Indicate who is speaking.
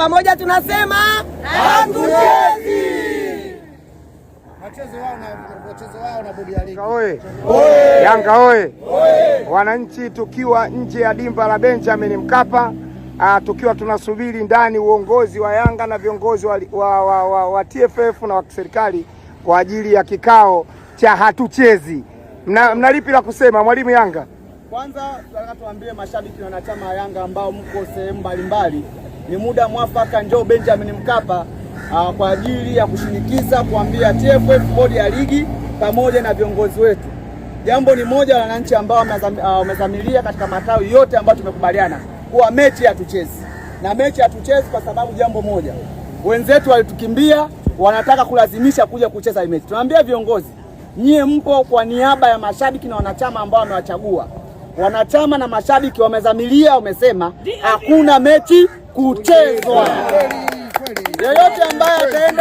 Speaker 1: pamoja tunasema
Speaker 2: hatuchezi.
Speaker 3: Yanga oye! Wananchi, tukiwa nje ya dimba la Benjamin Mkapa, uh, tukiwa tunasubiri ndani uongozi wa Yanga na viongozi wa, wa, wa, wa, wa TFF na wa serikali kwa ajili ya kikao cha hatuchezi. Mna, lipi la kusema mwalimu Yanga?
Speaker 4: Kwanza tunataka tuambie mashabiki na wanachama wa Yanga ambao mko sehemu mbalimbali ni muda mwafaka, njoo Benjamin Mkapa uh, kwa ajili ya kushinikiza kuambia TFF, bodi ya ligi pamoja na viongozi wetu. Jambo ni moja la wananchi ambao ah, wamezamilia uh, katika matawi yote ambayo tumekubaliana kuwa mechi hatuchezi, na mechi hatuchezi kwa sababu jambo moja, wenzetu walitukimbia, wanataka kulazimisha kuja kucheza mechi. Tunaambia viongozi, nyie mpo kwa niaba ya mashabiki na wanachama ambao wamewachagua. Wanachama na mashabiki wamezamilia, wamesema hakuna mechi kuchezwa.
Speaker 3: Yeyote ambaye ataenda